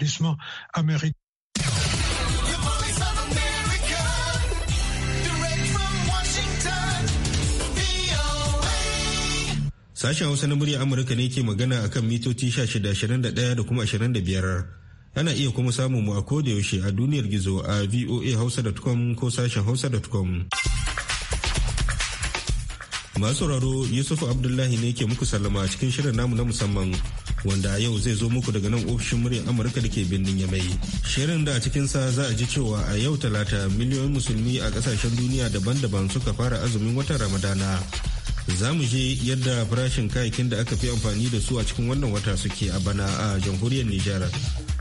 l'établissement américain. Sashen Hausa na murya Amurka ne ke magana a kan mitoci 1621 da kuma 25. Ana iya kuma samun mu a yaushe a duniyar gizo a voahausa.com ko sashen hausa.com. Masu sauraro Yusuf Abdullahi ne ke muku sallama a cikin shirin namu na musamman. wanda yau zai zo muku daga nan ofishin muryar amurka da ke birnin yamai shirin da a sa za a ji cewa a yau talata miliyoyin musulmi a kasashen duniya daban-daban suka fara azumin watan ramadana za mu je yadda farashin kayakin da aka fi amfani da su a cikin wannan wata suke a bana a jamhuriyar nijar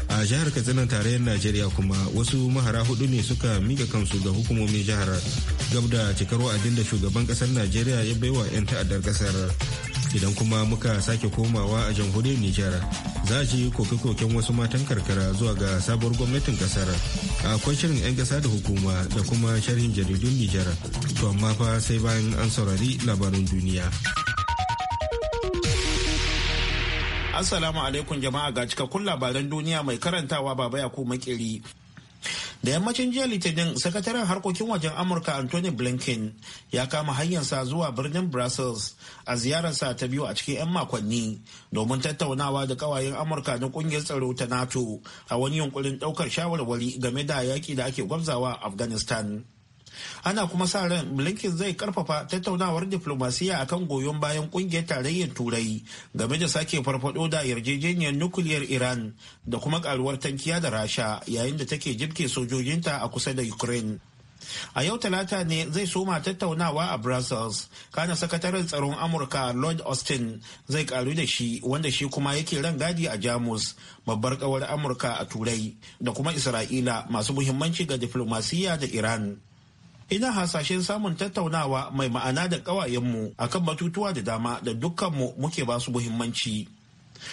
a jihar katsina tarayyar najeriya kuma wasu mahara hudu ne suka mika kansu ga hukumomin jihar gab da cikar wa'adin da shugaban kasar najeriya ya baiwa 'yan ta'addar kasar idan kuma muka sake komawa a jamhuriyar Nijar za a ji koke-koken wasu matan karkara zuwa ga sabuwar gwamnatin kasar akwai shirin 'yan kasa da hukuma da kuma sharhin jaridun Nijar to amma fa sai bayan an saurari labarin duniya. Assalamu alaikum jama'a ga cikakkun labaran duniya mai karantawa baba ya makiri. da yammacin jiya litinin sakataren harkokin wajen amurka anthony blinken ya kama hanyarsa zuwa birnin brussels a ziyararsa ta biyu a cikin 'yan makonni domin tattaunawa da kawayen amurka na kungiyar tsaro ta nato a wani yunkurin daukar shawarwari game da yaki da ake gwabzawa afghanistan ana kuma sa ran blinken zai karfafa tattaunawar diflomasiya kan goyon bayan kungiyar tarayyar turai game da sake farfado da yarjejeniyar nukiliyar iran da kuma karuwar tankiya da rasha yayin da take jibke sojojinta a kusa da ukraine a yau talata ne zai soma tattaunawa a brussels kana sakataren tsaron amurka lord austin zai karu da shi wanda shi kuma yake ran gadi a jamus babbar kawar amurka a turai da kuma isra'ila masu muhimmanci ga diflomasiyya da iran ina hasashen samun tattaunawa mai ma'ana da ƙawayenmu akan batutuwa da dama da dukkanmu muke ba su muhimmanci.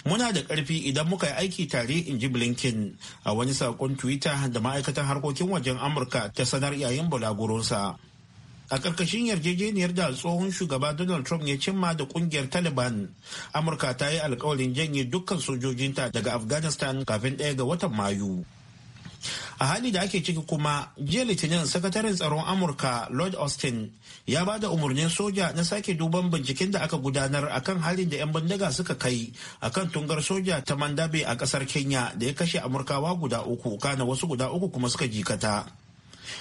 Muna da ƙarfi idan muka yi aiki tare in ji Blinken a wani saƙon Twitter da ma'aikatan harkokin wajen Amurka ta sanar yayin bulaguronsa. A ƙarƙashin yarjejeniyar da tsohon shugaba Donald Trump ya cimma da ƙungiyar Taliban, Amurka ta yi alkawarin janye dukkan sojojinta daga Afghanistan kafin ɗaya ga watan Mayu. a hali da ake ciki kuma jiya litinin sakataren tsaron amurka lord austin ya ba da umarnin soja na sake duban binciken da aka gudanar akan halin da 'yan bindiga suka kai akan tungar soja ta mandabe a kasar kenya da ya kashe amurkawa guda uku kana wasu guda uku kuma suka jikata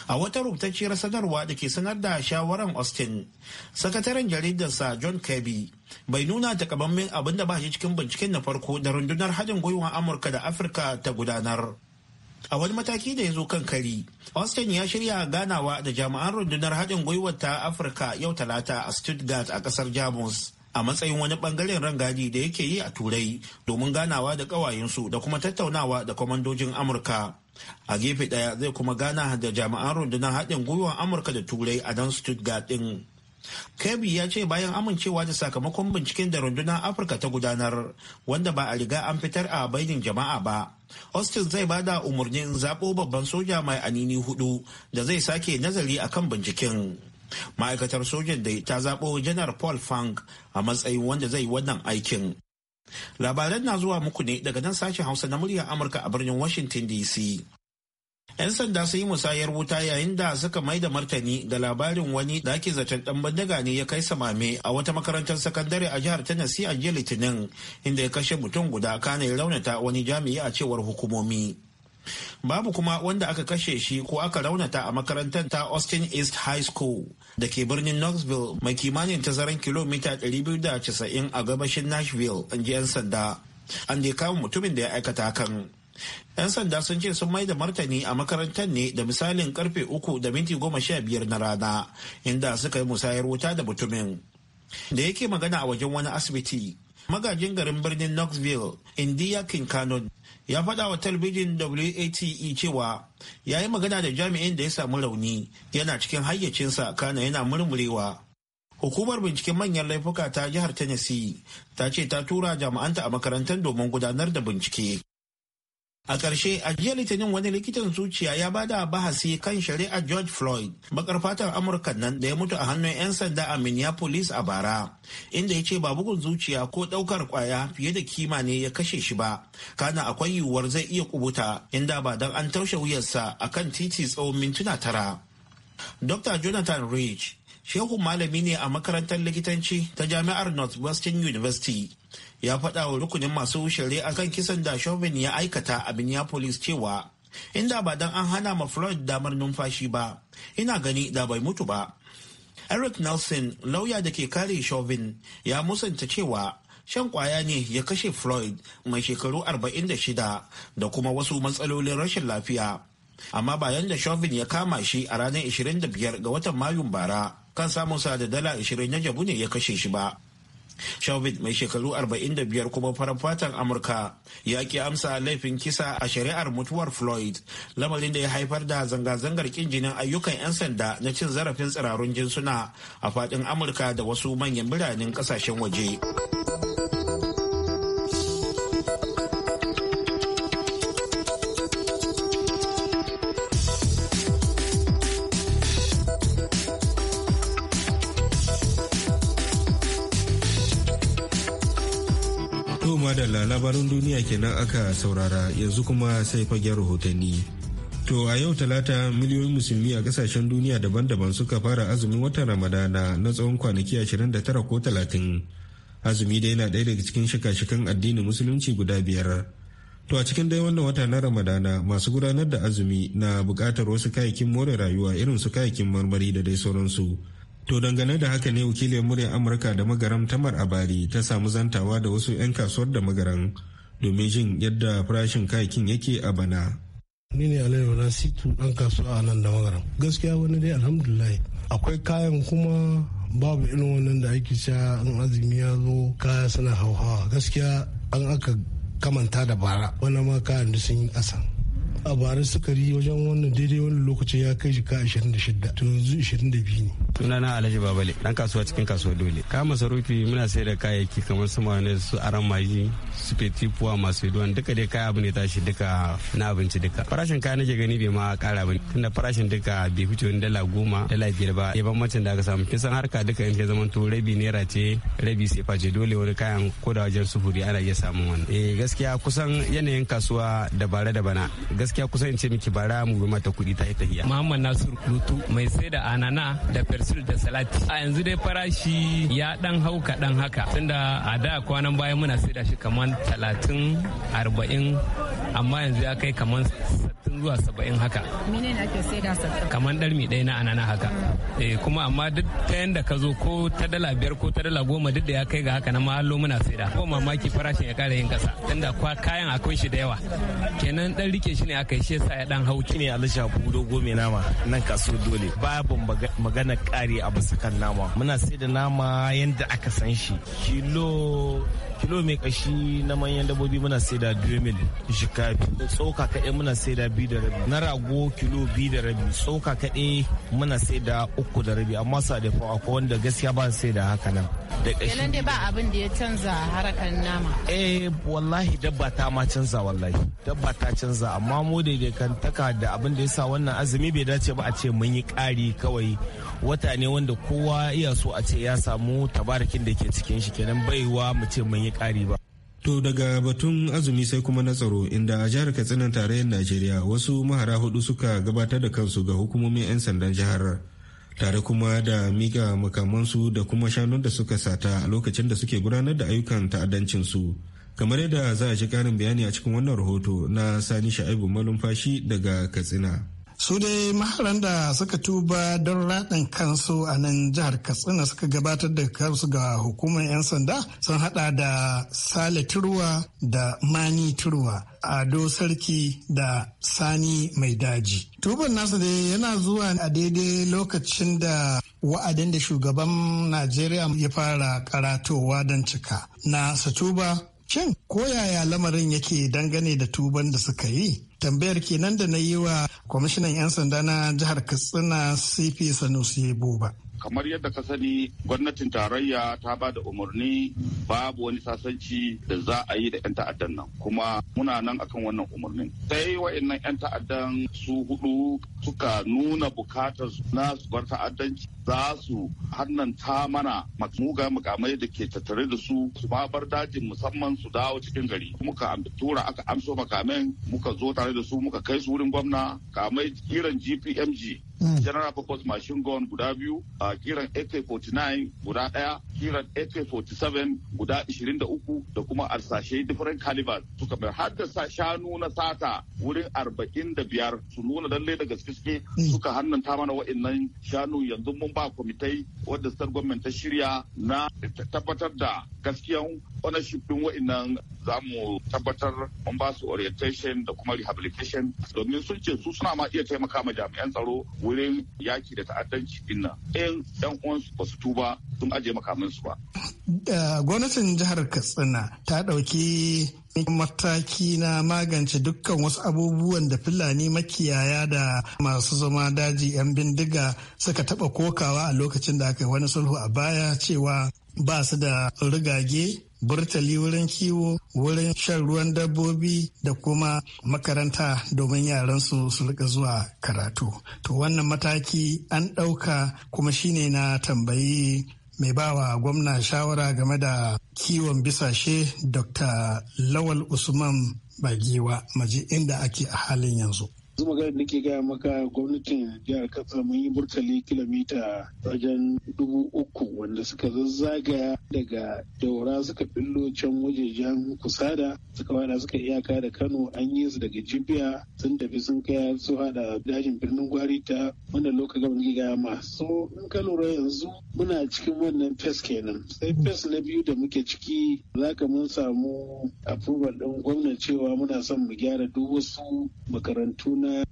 a wata rubutacciyar sanarwa da ke sanar da shawaran austin sakataren jaridarsa john kirby bai nuna takamammen abin da ba shi cikin binciken na farko da rundunar haɗin gwiwa amurka da afirka ta gudanar a wani mataki da ya zo kan kari austin ya shirya ganawa da jami'an rundunar haɗin gwiwar ta afirka yau talata a stuttgart a ƙasar jamus a matsayin wani ɓangaren rangadi da yake yi a turai domin ganawa da ƙawayensu da kuma tattaunawa da kwamandojin amurka a gefe ɗaya zai kuma gana da jami'an rundunar haɗin gwiwar amurka da turai a dan stuttgart ɗin Kirby ya ce bayan amincewa da sakamakon binciken da rundunar Afirka ta gudanar wanda ba a riga an fitar a bainin jama'a ba. Austin zai ba da umarnin zaɓo babban soja mai anini hudu da zai sake nazari a kan binciken. Ma'aikatar sojan da ta zaɓo janar Paul Fang a matsayin wanda zai wannan aikin. Labaran na zuwa muku ne daga nan sashen Hausa na murya Amurka a birnin Washington DC. 'Yan sanda sun yi musayar wuta yayin da suka mai da martani da labarin wani da ake zaton dan bindiga ne ya kai samame a wata makarantar sakandare a jihar Tennessee a jiya Litinin inda ya kashe mutum guda kana ya raunata wani jami'i a cewar hukumomi. Babu kuma wanda aka kashe shi ko aka raunata a makarantar ta Austin East High School da ke birnin Knoxville mai kimanin tazaran kilomita 290 a gabashin Nashville, an ji 'yan sanda. An ya kama mutumin da ya aikata kan. 'Yan sanda sun ce sun mai da martani a makarantar ne da misalin karfe uku da minti goma sha biyar na rana inda suka yi musayar wuta da mutumin. Da yake magana a wajen wani asibiti, magajin garin birnin Knoxville, India King canon ya faɗa wa talabijin WATE cewa ya yi magana da jami'in da ya samu rauni yana cikin hayyacinsa kana yana murmurewa. Hukumar binciken manyan laifuka ta jihar Tennessee ta ce ta tura jami'anta a makarantar domin gudanar da bincike. A ƙarshe, a jiya Litinin wani likitan zuciya ya bada bahasi kan shari'a George Floyd, bakar fatan Amurka nan da ya mutu a hannun 'yan sanda a Minneapolis a bara, inda ya ce ba bugun zuciya ko ɗaukar ƙwaya fiye da kima ne ya kashe shi ba, kana akwai yiwuwar zai iya kubuta inda ba don an taushe wuyarsa a kan titi tsawon mintuna tara. Dr. Jonathan Rich, shehu malami ne a makarantar likitanci ta jami'ar northwestern university ya faɗa wa rukunin masu shari'a kan kisan da chauvin ya aikata a minneapolis cewa inda ba don an hana ma floyd damar numfashi ba ina gani da bai mutu ba eric nelson lauya da ke kare chauvin ya musanta cewa shan kwaya ne ya kashe floyd mai shekaru 46 da kuma wasu matsalolin rashin lafiya amma bayan da chauvin ya kama shi a ranar 25 ga watan mayun bara kan samun sa da dala 20 na jabu ne ya kashe shi ba. Shawbit mai shekaru 45 kuma farar fatan Amurka ya ki amsa laifin kisa a shari'ar mutuwar Floyd, lamarin da ya haifar da zanga-zangar kin jinin ayyukan 'yan sanda na cin zarafin tsirarun jinsuna a fadin Amurka da wasu manyan biranen kasashen waje. labaran duniya kenan aka saurara yanzu kuma sai fagen rahotanni. To a yau talata miliyoyin musulmi a kasashen duniya daban-daban suka fara azumin watan Ramadana na tsawon kwanaki 29 ko 30. Azumi dai yana ɗaya daga cikin shika-shikan addinin musulunci guda biyar. To a cikin dai wannan wata na Ramadana masu gudanar da azumi na buƙatar wasu kayakin more rayuwa irin su kayakin marmari da dai sauransu. To dangane da haka ne wakilin muryar Amurka da magaram Tamar Abari ta samu zantawa da wasu 'yan kasuwar da magaran domin jin yadda farashin kayakin yake a bana. Ni ne Alayyar na situ ɗan kasuwa a nan da magaran Gaskiya wani dai alhamdulillah. Akwai kayan kuma babu irin wannan da ake sha in azumi ya zo kaya suna hauhawa. Gaskiya an aka kamanta da bara. Wani ma kayan da sun yi ƙasa. a barin sukari wajen wannan daidai wani lokaci ya kai jika 26 to yanzu 22 ne sunana alhaji babale dan kasuwa cikin kasuwa dole kama masarufi muna sayar da kayayyaki kamar su mayonnaise su aran maji su feti puwa masu duwan duka dai kaya abu ne tashi duka na abinci duka farashin kaya nake gani bai ma kara ba tunda farashin duka bai fito wani dala goma dala biyar ba ya macin da aka samu kisan harka duka in ta zama to rabi naira ce rabi sai face dole wani kayan ko da wajen sufuri ana iya samun wani eh gaskiya kusan yanayin kasuwa da bara da bana gaskiya kusan in ce miki bara mu bi mata kuɗi ta yi tahiya Muhammad Nasir Lutu mai sai da anana da persil da salati a yanzu dai farashi ya dan hau kaɗan haka tunda a da kwanan bayan muna sai da shi kamar kamar talatin arba'in amma yanzu ya kai kamar zuwa saba'in haka ne ake sai da saba'in kamar mi ɗaya na anana haka hmm. eh kuma amma duk ta yanda ka zo ko ta dala biyar ko ta dala goma duk da ya kai ga haka na mahallo muna sai da ko mamaki farashin ya ƙara yin ƙasa tunda kwa kayan akwai shi da yawa kenan dan rike shi ne aka yi shi yasa ya dan hau ne alisha budo gome nama nan kaso dole babu magana kare a basakan nama muna sai da nama yadda aka san shi kilo kilo mai kashi na manyan dabbobi muna sai da 2 mil Shikafi. tsoka kaɗai muna sai da biyu da rabi na rago kilo biyu da rabi tsoka kaɗai muna sai da uku da rabi amma sa da fawa ko wanda gaskiya ba sai da haka nan da ƙashi kenan ba abin da ya canza harakan nama eh wallahi dabba ta ma canza wallahi dabba ta canza amma mu daidaikantaka da abin da ya sa wannan azumi bai dace ba a ce mun yi ƙari kawai wata ne wanda kowa iya so a ce ya samu tabarikin da ke cikin shi kenan baiwa mu ce mun yi ƙari ba To daga batun azumi sai kuma na tsaro inda a jihar Katsinan tarayyar Najeriya wasu mahara hudu suka gabatar da kansu ga hukumomin 'yan sandan jihar tare kuma da miga makamansu da kuma shanun da suka sata a lokacin da suke gudanar da ayyukan su, Kamar yadda za a ji karin bayani a cikin wannan rahoto na Sani Sha'ibu Malumfashi daga Katsina. su dai maharan da suka tuba don raɗin kansu a nan jihar katsina suka gabatar da kansu ga hukumar 'yan sanda sun hada da sale turwa da mani turwa ado sarki da sani mai daji tuban nasu dai yana zuwa a daidai lokacin da wa'adin da shugaban najeriya ya fara karatowa don cika na satuba Shin ko yaya lamarin yake dangane da tuban da suka yi? Tambayar kenan da na yi wa kwamishinan 'yan sanda na jihar Katsina CP Sanusi Buba. kamar yadda ka sani gwamnatin tarayya ta ba da umarni babu wani sasanci da za a yi da 'yan ta'addan nan kuma muna nan akan wannan umarnin sai wa'annan 'yan ta'addan su hudu suka nuna bukatar na su bar ta'addanci za su ta mana muga mukamai da ke tattare da su su ma bar dajin musamman su dawo cikin gari muka tura aka amso makamai muka zo tare da su muka kai su wurin gwamna kamai kiran gpmg Mm. general purpose machine gun guda biyu a kiran ak-49 guda daya kiran ak-47 guda 23 da kuma arsashe different caliber suka bai haddasa shanu na sata wurin 45 su nuna lallai da gaske suke mm. suka hannanta mana wa'annan shanu yanzu mun ba kwamitai wadda star ta shirya na tabbatar da gaskiyan ownership din wa'annan za mu tabbatar mun ba su orientation da kuma rehabilitation domin sun ce su suna ma iya taimaka ma jami'an tsaro wurin yaki da ta'addanci din nan in uwansu ba su tuba sun aje makamansu ba. gwamnatin jihar katsina ta ɗauki mataki na magance dukkan wasu abubuwan da fulani makiyaya da masu zama daji 'yan bindiga suka taba kokawa a lokacin da aka yi wani sulhu a baya cewa ba su da rigage burtali wurin kiwo wurin shan ruwan dabbobi da kuma makaranta domin yaran su su rika zuwa karatu to wannan mataki an ɗauka kuma shine na tambayi mai bawa gwamna shawara game da kiwon bisashe dr lawal usman Bagewa maji inda ake a halin yanzu yanzu magana da nake gaya maka gwamnatin jihar katsina mun yi burtali kilomita wajen dubu uku wanda suka zazzagaya daga daura suka billo can wajejen kusada suka wada suka iyaka da kano an yi su daga jibiya sun tafi sun kai su hada dajin birnin gwari ta wanda lokacin gaba nake gaya ma so in ka lura yanzu muna cikin wannan fes kenan sai fes na biyu da muke ciki za ka mun samu approval din gwamnati cewa muna son mu gyara duk wasu makarantu na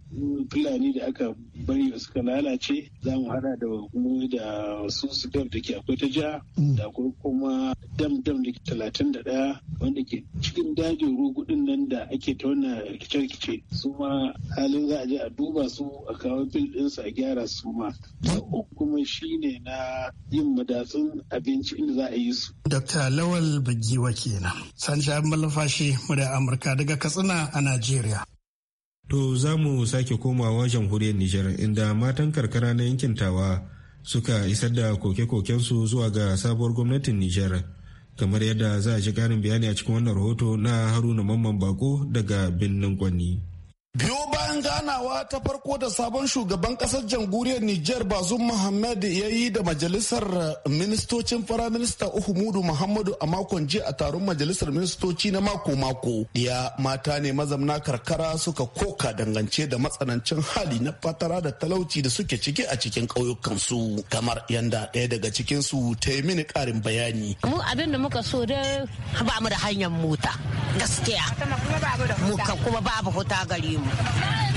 fulani da aka bari suka lalace za mu hada da mu da su su dam da ke akwai ta ja mm. da akwai kuma dam dam da ke talatin da daya wanda ke cikin dajin rugudin nan da ake ta wannan rikice-rikice su ma halin za a je a duba su a kawo bil ɗinsu a gyara su ma na kuma kuma ne na yin madatsun abinci inda za a yi su. Dr. Lawal Bagiwa kenan. Sanshi Malafashi, da Amurka daga Katsina a Najeriya. To za mu sake komawa jamhuriyar Nijar inda matan karkara na yankin tawa suka isar da koke-kokensu zuwa ga sabuwar gwamnatin Nijar. Kamar yadda za a ji karin bayani a cikin wannan rahoto na Haruna Mamman Bako daga birnin Kwanni. ganawa ta farko da sabon shugaban kasar jamhuriyar Nijar Bazum Muhammad ya yi da majalisar ministocin firaminista Uhumudu Muhammadu a makon jiya a taron majalisar ministoci na mako-mako. ya mata ne mazamna karkara suka koka dangance da matsanancin hali na fatara da talauci da suke ciki a cikin ƙauyukansu. Kamar yanda ɗaya daga cikin su ta yi mini karin bayani. Mu abin da muka so dai ba mu da hanyar mota gaskiya. Muka kuma babu huta gare mu.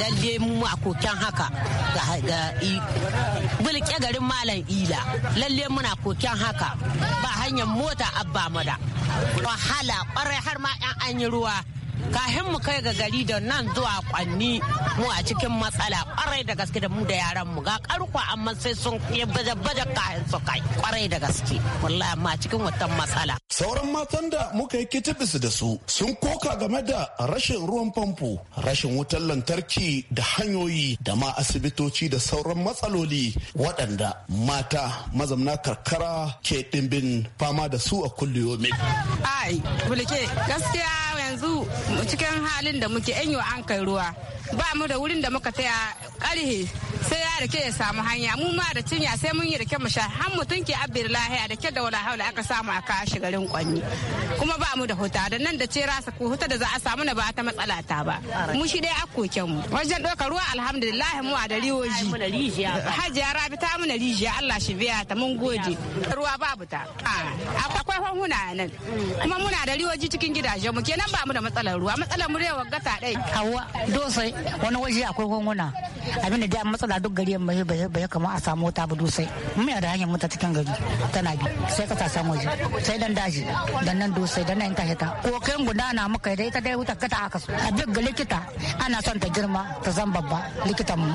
lalle mu a koken haka ga bulke garin malam ila lalle muna koken haka ba hanyar mota abba mada wahala kwarai har ma yan yi ruwa kahin mu kai ga gari da nan zuwa kwanni mu a cikin matsala kwarai da gaske da mu da yaran mu ga karko amma sai sun yi baje-baje su kai kwarai da gaske wallahi amma cikin wata matsala sauran matan da muka yi kitibis da su sun koka game da rashin ruwan famfo rashin wutar lantarki da hanyoyi da ma asibitoci da sauran matsaloli waɗanda mata mazamna karkara ke ɗimbin fama da su a kulliyomi ai gaskiya yanzu cikin halin da muke yan an kai ruwa ba mu da wurin da muka taya karhe sai ya rike ya samu hanya mu ma da cinya sai mun yi rike mu sha har mutum ke abir lahiya da ke da wala haula aka samu a shi garin kwanni kuma ba mu da huta da nan da ce rasa ko huta da za a samu na ba ta matsala ta ba mu shi dai akoken mu wajen doka ruwa alhamdulillah mu a da riwoji hajiya rabi ta mu na rijiya Allah shi biya ta mun gode ruwa babu ta akwai fanhuna nan kuma muna da riwoji cikin gidaje mu kenan ba ba mu da matsalar ruwa matsalar mu rewa gata dai hawa dosai wani waje akwai gonguna abin da dai matsala duk gari mai ba ya kama a samu ta ba dosai mu da hanyar mota cikin gari tana bi sai ka samu waje sai dan daji dan nan dosai dan nan ta hita ko kan gudana muka dai ta dai wuta kata aka so a duk ga likita ana son ta girma ta zan babba likita mu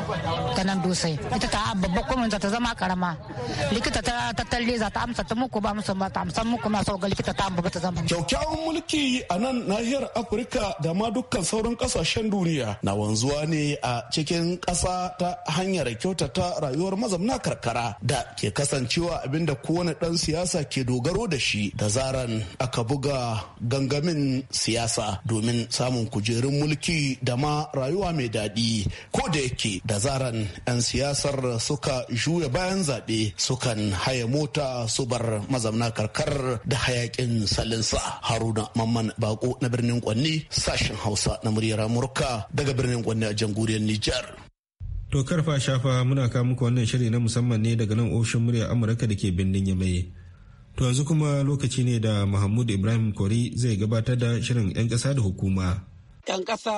ta nan dosai ita ta ah, babba kuma ta zama karama likita ta tattalle za ta amsa ta muku ba musu ba ta amsa muku na so ga likita ta amma ba ta zama kyakkyawan mulki a nan nahi nahiyar afirka da ma dukkan sauran kasashen duniya na wanzuwa ne a cikin ƙasa ta hanyar kyautata rayuwar mazamna karkara da ke kasancewa abinda kowane ɗan siyasa ke dogaro da shi da zaran aka buga gangamin siyasa domin samun kujerun mulki da ma rayuwa mai daɗi ko da yake da zaran 'yan siyasar suka juya bayan zaɓe sukan haya mota su bar mazamna karkar da hayakin salinsa haruna mamman bako na birnin Kwanni sashen Hausa na muryar Amurka daga birnin Kwanni a jamhuriyar Nijar. To karfa shafa muna kawo muku wannan shiri na musamman ne daga nan ofishin muryar Amurka da ke birnin Yamai. To yanzu kuma lokaci ne da Mahmud Ibrahim Kori zai gabatar da shirin 'yan kasa da hukuma. 'Yan kasa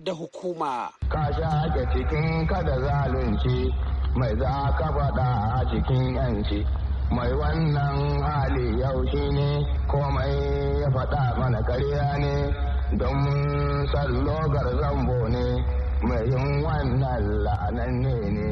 da hukuma. Ka sha cikin kada zalunci mai za ka faɗa a cikin 'yanci. mai wannan hali yau shi ne komai ya faɗa mana karya ne don sallogar zambo ne mai yin wannan la'anan ne ne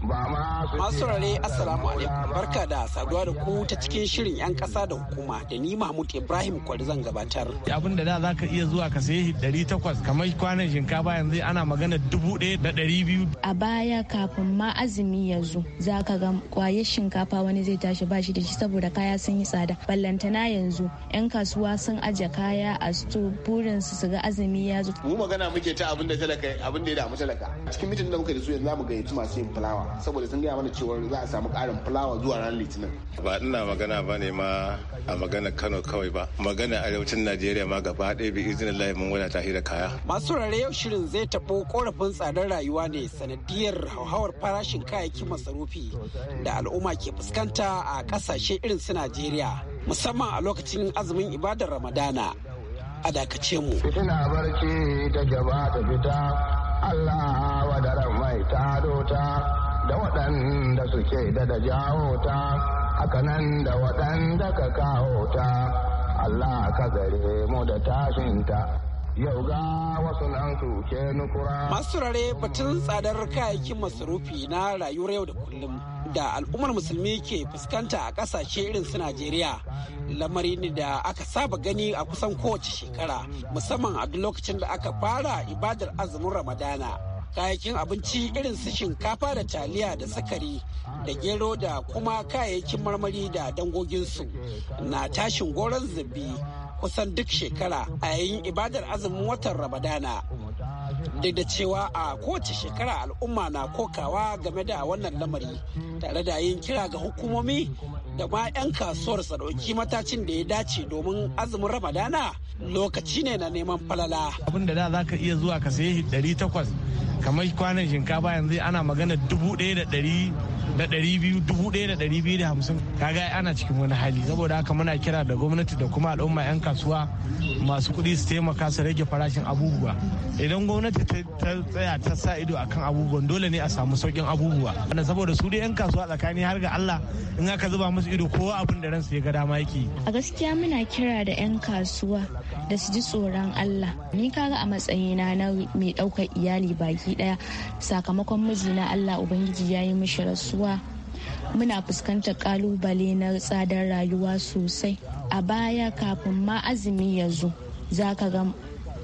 Masu rare Assalamu alaikum barka da saduwa da ku ta cikin shirin 'yan ƙasa da hukuma da ni Mahmud Ibrahim Kwari zan gabatar. Abin da da za ka iya zuwa ka sayi ɗari takwas kamar kwanan shinkafa yanzu ana magana dubu ɗaya da ɗari biyu. A baya kafin ma azumi ya zo za ka ga kwaye shinkafa wani zai tashi ba shi da shi saboda kaya sun yi tsada. Ballantana yanzu 'yan kasuwa sun aje kaya a sto burin su su ga azumi ya zo. Mu magana muke ta abin da talaka abin da ya damu talaka. Cikin mitin da muka da su yanzu za mu gayyaci masu yin fulawa. saboda sun gaya mana cewa za a samu karin fulawa zuwa ran litinin ba ina magana ba ne ma a magana kano kawai ba magana arewacin najeriya ma gaba ɗaya bi izinin layi mun wadata hira kaya masu rare yau shirin zai taɓo korafin tsadar rayuwa ne sanadiyar hauhawar farashin kayayyakin masarufi da al'umma ke fuskanta a ƙasashe irin su najeriya musamman a lokacin azumin ibadar ramadana a dakace mu. Fitina barci da gaba da fita, Allah wadaran mai ta dota. da waɗanda suke da da jawo ta hakanan da waɗanda ka kawo ta Allah ka gare mu da tashinta yau ga wasu nan suke nukura. Masu rare batun tsadar kayayyakin masarufi na rayuwar yau da kullum da al'ummar musulmi ke fuskanta a kasashe irin su Najeriya lamari ne da aka saba gani a kusan kowace shekara musamman a duk lokacin da aka fara ibadar azumin Ramadana. kayayyakin abinci irin su shinkafa da taliya da sukari da gero da kuma kayayyakin marmari da dangoginsu na tashin goron zubi kusan duk shekara a yayin ibadar azumin watan rabadana duk da cewa a kowace shekara al'umma na kokawa game da wannan lamari tare da yin kira ga hukumomi da ma 'yan kasuwar su ɗauki matacin da ya dace domin azumin ramadana lokaci ne na neman falala. Abin da da za ka iya zuwa ka sayi 800 kamar kwanan shinkafa yanzu ana magana 1,100 da ɗari biyu dubu ɗaya da ɗari biyu da hamsin kaga ana cikin wani hali saboda haka muna kira da gwamnati da kuma al'umma 'yan kasuwa masu kuɗi su taimaka su rage farashin abubuwa idan gwamnati ta tsaya ta sa ido akan abubuwan dole ne a samu sauƙin abubuwa wanda saboda su dai 'yan kasuwa tsakani har ga Allah in aka zuba musu ido kowa abin da ransu ya ga dama yake a gaskiya muna kira da 'yan kasuwa da su ji tsoron Allah ni kaga a matsayina na mai ɗaukar iyali baki ɗaya sakamakon na Allah Ubangiji ya yi mishi rasuwa muna fuskantar ƙalubale na tsadar rayuwa sosai a baya kafin ma azumi ya zo za ka ga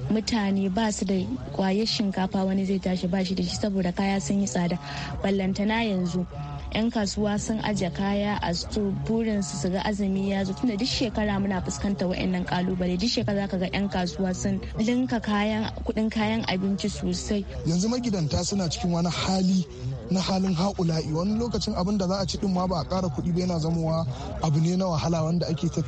mutane ba su da kwaye shinkafa wani zai tashi ba shi da shi saboda kaya sun yi tsada ballantana yanzu 'yan kasuwa sun ajiye kaya a sto burin su su ga azumi ya zo tunda duk shekara muna fuskanta wa'annan kalubale duk shekara ka ga 'yan kasuwa sun linka kayan kudin kayan abinci sosai yanzu magidanta suna cikin wani hali na halin haƙula'i wani lokacin abin da za a ci din ma ba a ƙara kuɗi ba yana zama wa abu ne na wahala wanda ake ta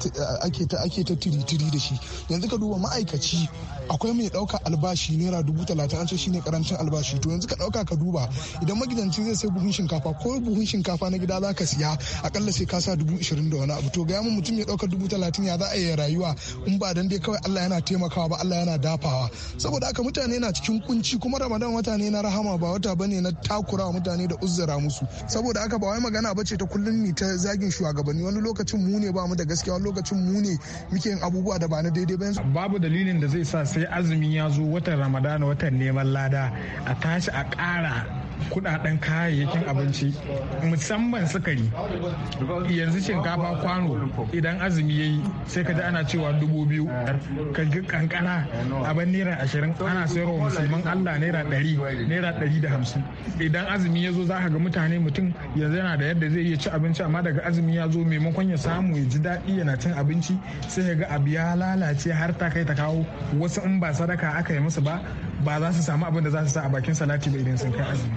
ake ta tiri tiri da shi yanzu ka duba ma'aikaci akwai mai ɗauka albashi naira dubu talatin an ce ne karancin albashi to yanzu ka dauka ka duba idan magidanci zai sai buhun shinkafa ko buhun shinkafa na gida za ka siya akalla sai ka sa dubu ishirin da wani abu to ga mun mutum ya ɗauka dubu talatin ya za a yi rayuwa in ba dan dai kawai Allah yana taimakawa ba Allah yana dafawa saboda haka mutane na cikin kunci kuma Ramadan wata ne na rahama ba wata bane na takurawa mutane da uzura musu saboda haka ba wai magana bace ta kullum ni ta zagin shugabanni wani lokacin mu ne ba mu da gaskiya wani lokacin mu ne muke yin abubuwa da ba na daidai ba babu dalilin da zai sa sai azumin ya zo watan ramadana watan neman lada a tashi a ƙara kudaden kayayyakin abinci musamman sukari yanzu shinkafa kwano idan azumi ya yi sai ka ana cewa dubu biyu ka ji kankana abin naira ashirin ana sayarwa musulman allah naira ɗari naira ɗari da hamsin idan azumi ya zo za ka ga mutane mutum yanzu yana da yadda zai iya ci abinci amma daga azumi ya zo maimakon ya samu ya ji daɗi yana cin abinci sai ya ga abu ya lalace har ta kai ta kawo wasu in ba sadaka aka yi musu ba ba za su samu abin da za su sa a bakin salati ba idan sun kai azumi.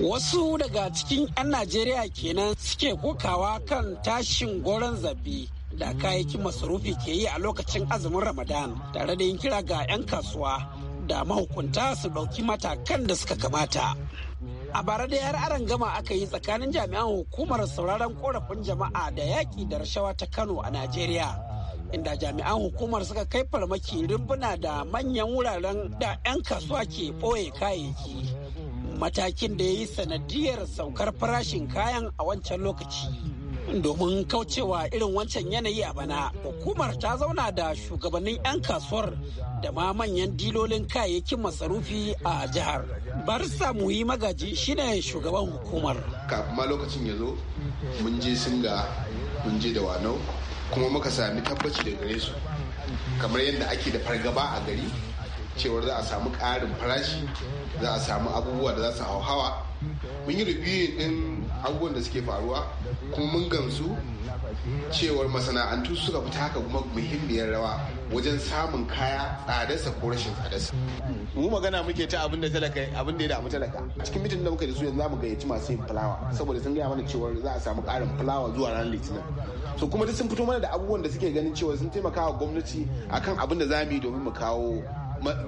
Wasu daga cikin 'yan Najeriya kenan suke kokawa kan tashin goron zabi da kayayyakin masarufi ke yi a lokacin azumin Ramadan tare da yin kira ga 'yan kasuwa da mahukunta su ɗauki matakan da suka kamata. A bara da yar aran gama aka yi tsakanin jami'an hukumar sauraron korafin jama'a da yaƙi da rashawa ta Kano a Najeriya. inda jami'an hukumar suka kai farmaki rumbuna da manyan wuraren da 'yan kasuwa ke ɓoye kayayyaki matakin da ya yi sanadiyar saukar farashin kayan a wancan lokaci. domin kaucewa irin wancan yanayi a bana hukumar ta zauna da shugabannin 'yan kasuwar da ma manyan dilolin kayayyakin masarufi a jihar Bar samu yi magaji shine shugaban hukumar kafin ma lokacin ya zo mun je singa mun je da wanau kuma muka sami tabbaci da gare su kamar yadda ake da fargaba a gari cewar za a samu ƙarin farashi za a samu abubuwa da za su hauhawa mun yi reviewing din abubuwan da suke faruwa kuma mun gamsu cewar masana'antu suka fita haka kuma muhimmiyar rawa wajen samun kaya tsadarsa ko rashin tsadarsa. mu magana muke ta abin da talaka abin da ya damu talaka cikin mitin da muka da su yanzu mu gayyaci masu yin fulawa saboda sun gaya mana cewar za a samu karin fulawa zuwa ranar litinin so kuma duk sun fito mana da abubuwan da suke ganin cewa sun taimaka wa gwamnati akan abin da za mu yi domin mu kawo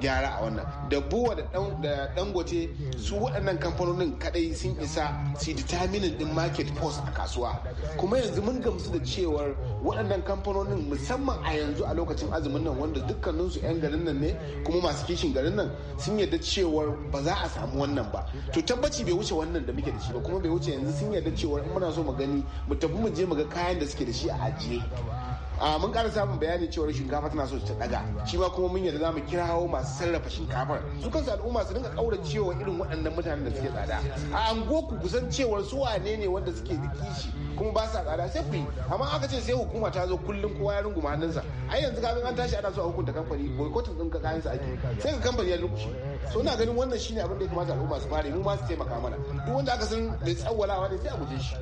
gyara a wannan da buwa da dangote su waɗannan kamfanonin kadai sun isa su determine din market force a kasuwa kuma yanzu mun gamsu da cewar waɗannan kamfanonin musamman a yanzu a lokacin azumin nan wanda dukkaninsu 'yan garin nan ne kuma masu kishin garin nan sun yarda cewar ba za a samu wannan ba to tabbaci bai wuce wannan da muke da shi ba kuma bai wuce yanzu sun yarda cewar in muna so mu gani mu tafi mu je mu ga kayan da suke da shi a ajiye a mun ƙara samun bayani cewar shinkafa tana so ta daga shi ma kuma mun yadda za mu kirawo masu sarrafa shinkafar su kansu al'umma su dinga kaura cewa irin waɗannan mutanen da suke tsada a angoku kusan cewar su wane ne wanda suke da kishi kuma ba sa tsada sai ku amma aka ce sai hukuma ta zo kullum kowa ya hannun sa ai yanzu ka an tashi ana so a hukunta kamfani boycotting din kayan sa ake sai ka kamfani ya rubuce so ina ganin wannan shine abin da ya kamata al'umma su fara mu ma su taimaka mana duk wanda aka san mai tsawwalawa ne sai a guje shi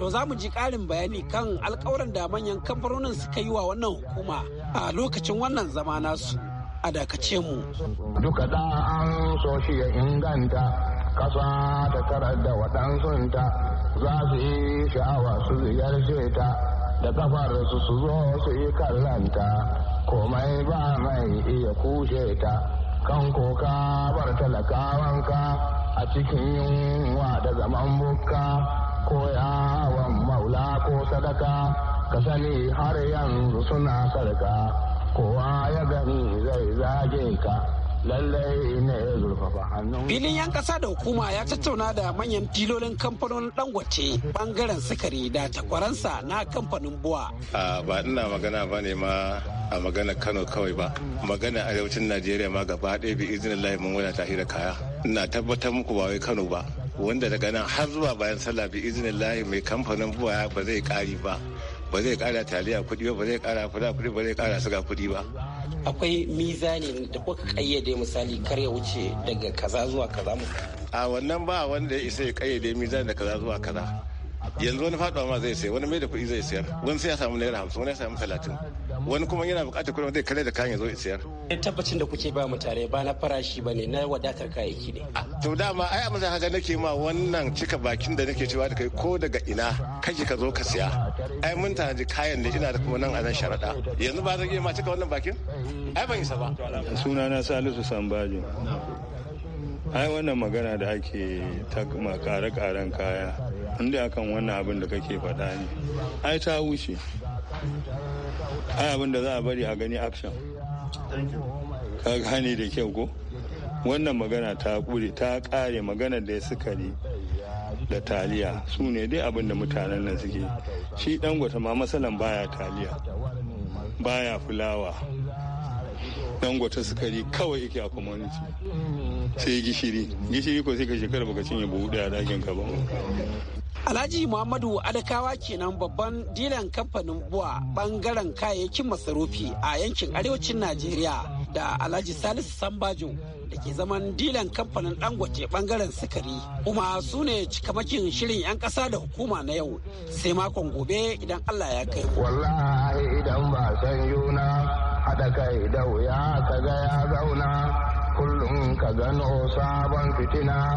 to za mu ji ƙarin bayani kan alkawaran da manyan kamfanonin suka yi wa wannan hukuma a lokacin wannan zama nasu a dakace mu. Duka da an so shi ya inganta kasa ta tarar da waɗansunta za su yi sha'awa su ziyarce ta da kafar su su zo su yi kallanta komai ba mai iya kushe ta kan koka bar talakawanka a cikin yunwa da zaman bukka ko maula ko sadaka ka har yanzu suna sarka kowa ya zai zage ka lallai ne zurfafa filin yan kasa da hukuma ya tattauna da manyan tilolin kamfanonin dangote bangaren sukari da takwaransa na kamfanin buwa ba ina magana ba ne ma a magana kano kawai ba magana arewacin najeriya ma gaba ɗaya bi izinin layi mun wadata hira kaya ina tabbatar muku ba wai kano ba wanda daga nan har zuwa bayan sallah bi iznillahi mai kamfanin buwaya ba zai kari ba ba zai kara taliya kuɗi ba ba zai kara kuɗa kuɗi ba zai kara suga kuɗi ba akwai mizani da kuka kayyade misali kar ya wuce daga kaza zuwa kaza mu a wannan ba wanda ya isa ya kayyade mizani da kaza zuwa kaza yanzu wani faɗuwa ma zai sai wani mai da kuɗi zai sayar wani sai ya samu naira hamsin wani ya samu talatin wani kuma yana bukatar kuɗin zai kare da kayan ya zo ya sayar eh, tabbacin da kuke ba tare ba na farashi ba ne na wadatar kayayyaki ne ah, to dama ai amma haka nake ma wannan cika bakin da nake cewa da kai ko daga ina kake ka zo ka siya ai mun tanaji kayan ne ina da kuma nan a nan sharaɗa yanzu ba zan iya ma cika wannan bakin ai ban isa ba sunana salisu sambajo ai wannan magana da ake ta kare-karen kaya inda akan wannan abin da kake faɗa ne ai ta wuce ai abin da za a bari a gani action ka gane da kyau ko wannan magana ta kure ta kare magana da sukari da taliya su ne dai abin da mutanen nan suke shi dangote ma masalan baya taliya baya fulawa dangote sukari kawai yake a community sai gishiri gishiri ko sai ka shekara baka cinye buhu daya dakin ka ba Alhaji Muhammadu Adakawa kenan babban dilan kamfanin buwa bangaren kayayyakin masarufi a yankin arewacin Najeriya da Alhaji Salisu Sambajo da ke zaman dilan kamfanin dangote bangaren sukari kuma su ne cikamakin shirin 'yan ƙasa da hukuma na yau sai makon gobe idan allah ya kai wallahi idan ba san yuna haɗa kai da wuya kaga ya zauna kullum ka gano sabon fitina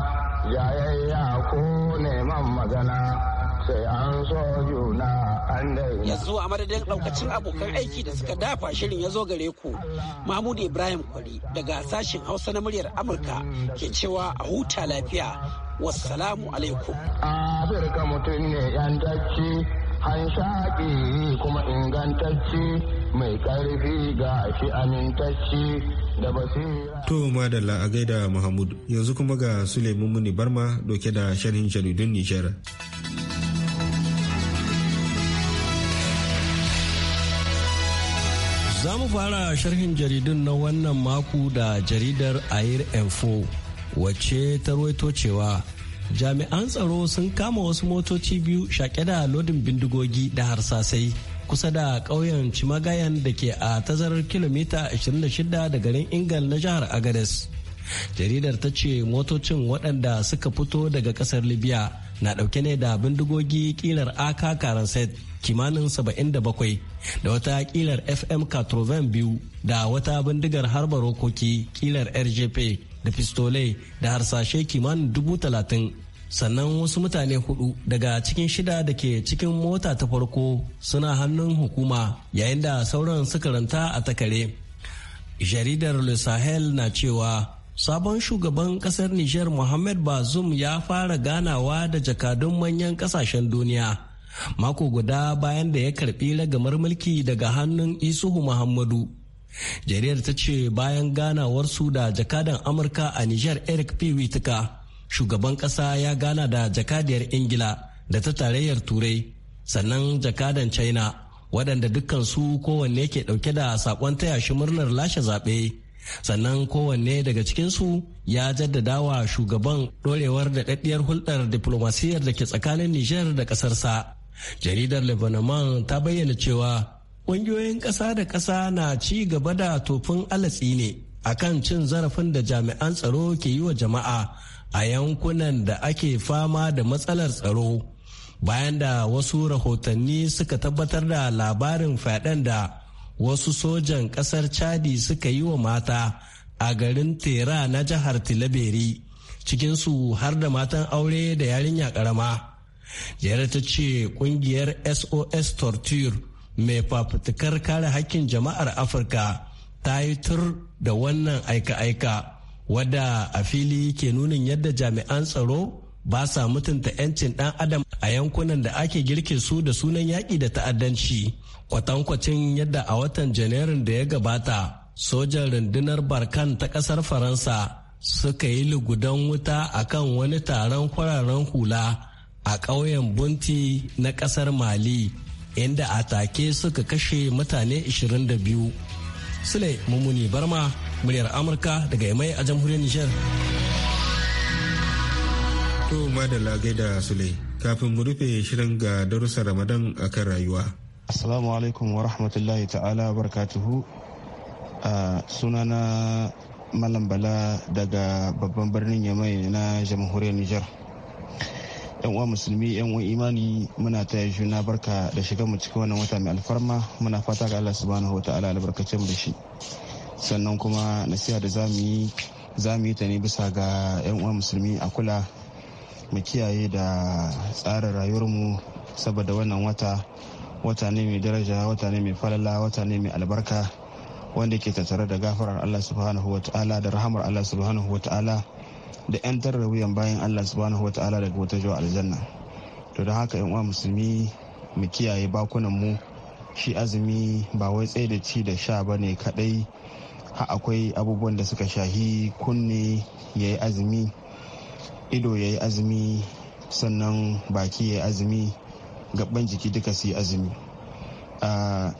yayayya ko neman magana sai an so juna an daina. Yanzu a madadin ɗaukacin abokan aiki da suka dafa shirin ya zo gare ku, Mahmud Ibrahim Kwari daga sashen Hausa na muryar Amurka ke cewa a huta lafiya. Wassalamu alaikum. Afirka mutum ne 'yan hanshaki kuma ingantacce mai karfi ga shi amintacce da basira. To madalla a gaida Muhammad yanzu kuma ga Suleiman Muni Barma doke da sharhin jaridun Nijar. Za mu fara sharhin jaridun na wannan mako da jaridar Air Info wacce ta ruwaito cewa jami'an tsaro sun kama wasu motoci biyu shaƙe da lodin bindigogi da harsasai kusa da ƙauyen cimagayan da ke a tazarar kilomita 26 da garin ingal na jihar agades jaridar ta ce motocin waɗanda suka fito daga ƙasar libya na ɗauke ne da bindigogi ƙilar aka karanset kimanin 77 da wata ƙilar fm katrovin biyu da wata bindigar harba rokoki ƙilar rgp da fistolai da harsashe kimanin dubu talatin sannan wasu mutane hudu daga cikin shida da ke cikin mota ta farko suna hannun hukuma yayin da sauran suka ranta a takare jaridar le sahel na cewa sabon shugaban kasar niger mohamed bazoum ya fara ganawa da jakadun manyan kasashen duniya mako guda bayan da ya karbi ragamar mulki daga hannun isuhu muhammadu jaridar ta ce bayan ganawarsu da jakadan amurka a niger eric p witika shugaban kasa ya gana da jakadiyar ingila da ta tarayyar turai sannan jakadan china waɗanda dukkansu kowanne ke ɗauke da saƙon taya shi murnar lashe zaɓe sannan kowanne daga cikinsu ya jaddada wa shugaban dorewar da ɗaɗɗiyar hulɗar diplomasiyar da ke tsakanin niger da ƙasarsa jaridar lebanon ta bayyana cewa ƙungiyoyin ƙasa da ƙasa na ci gaba da tofin alatsi ne a kan cin zarafin da jami'an tsaro ke yi wa jama'a a yankunan da ake fama da matsalar tsaro bayan da wasu rahotanni suka tabbatar da labarin fyaɗen da wasu sojan ƙasar chadi suka yi wa mata a garin tera na jihar tilaberi cikinsu har da matan aure da yarinya ƙarama jere ta ce ƙungiyar sos torture mai fafutukar kare hakkin jama'ar afirka ta yi tur da wannan aika-aika wadda a fili ke nunin yadda jami'an tsaro ba sa mutunta 'yancin dan adam a yankunan da ake girke su da sunan yaƙi da ta'addanci kwatankwacin yadda a watan janairun da ya gabata sojan rundunar barkan ta ƙasar faransa suka yi lugudan wuta a kan wani taron kwararen hula a ƙauyen bunti na ƙasar mali inda a take suka kashe mutane 22 sule mummuni barma muryar amurka daga yamai a jamhuriyar nijar to madalla gaida sule kafin mu rufe shirin ga darussan ramadan akan rayuwa assalamu alaikum wa rahmatullahi ta'ala barkatuhu a sunana malam bala daga babban birnin yamai na jamhuriyar nijar yan uwa musulmi yan uwan imani muna taya juna barka da shiga mu cikin wannan wata mai alfarma muna fata ga Allah subhanahu wa ta'ala albarkace mu da shi sannan kuma nasiha da zamu yi zamu yi ta ne bisa ga yan uwa musulmi a kula mu kiyaye da tsarin mu saboda wannan wata wata ne mai daraja wata ne mai falala wata ne mai albarka wanda ke tattare da gafarar Allah subhanahu wa ta'ala da rahamar Allah subhanahu wa ta'ala da 'yantar da wuyan bayan allah subhanahu wa ta'ala daga wata zuwa aljanna to da haka yan uwa musulmi mu kiyaye bakunan mu shi azumi ba wai tsaye da ci da sha ba ne kadai ha akwai abubuwan da suka shahi kunne ya yi azumi ido ya yi azumi sannan baki ya yi azumi gaban jiki duka su yi azumi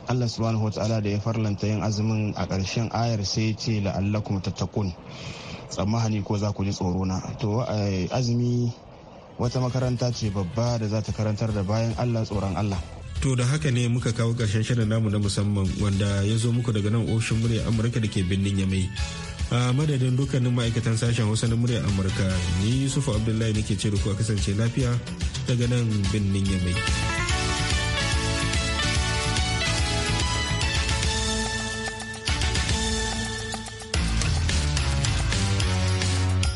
Allah subhanahu wa ta'ala da ya farlanta yin azumin a ƙarshen ayar sai ce la'allakum tattakun tsammani ko za ku ji tsoro na to eh, azumi wata makaranta ce babba da za ta karantar da bayan allah tsoron allah To da haka ne muka kawo ƙarshen shirin namu na musamman wanda ya zo muku daga nan ofishin murya Amurka da ke birnin Yamai. A madadin dukkanin ma'aikatan sashen Hausa na murya Amurka, ni yusuf Abdullahi nake ce da ku a kasance lafiya daga nan birnin Yamai.